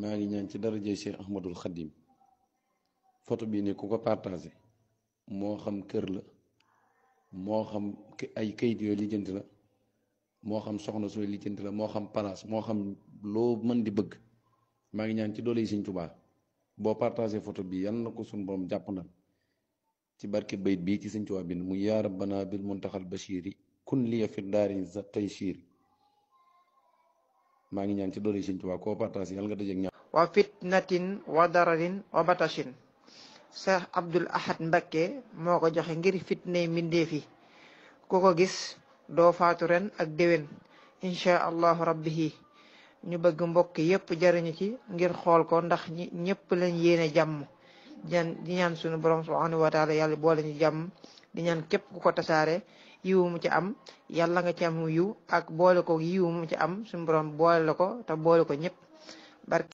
maa ngi ñaan ci dara darajay Cheikh Ahmadul Xadim photo bii ne ku ko partagé moo xam kër la moo xam ay kayit yooyu lijjanti la moo xam soxna sooy lijjanti la moo xam palaas moo xam loo mën di bëgg maa ngi ñaan ci doole yi Sëñ Tuubaa boo partagé photo bi yal na ko suñ borom jàpp na ci barke bayit bii ci Sëñ Tuubaa bi mu yaa rabbana bil muntaxal bashiri kun liya fi daari za tayshiri maa ngi ñaan ci doole Sëñ Tuubaa koo nga dajeeg ña wa fitnatin wa dararin wa batashin Cheikh Abdoul Ahad Mbacké moo ko joxe ngir fitnay mbindeef yi ku ko gis doo faatu ren ak déwén incha allahu rabbi yi ñu bëgg mbokk yépp jariñu ci ngir xool ko ndax ñi ñépp lañ yéene jàmm di ñaan sunu borom subhanahu wa taala boole ñu jàmm di képp ku ko tasaare yiw mu ci am yàlla nga ci mu yiw ak boole ko yiw mu ci am suñu borom boole ko te boole ko ñëpp barke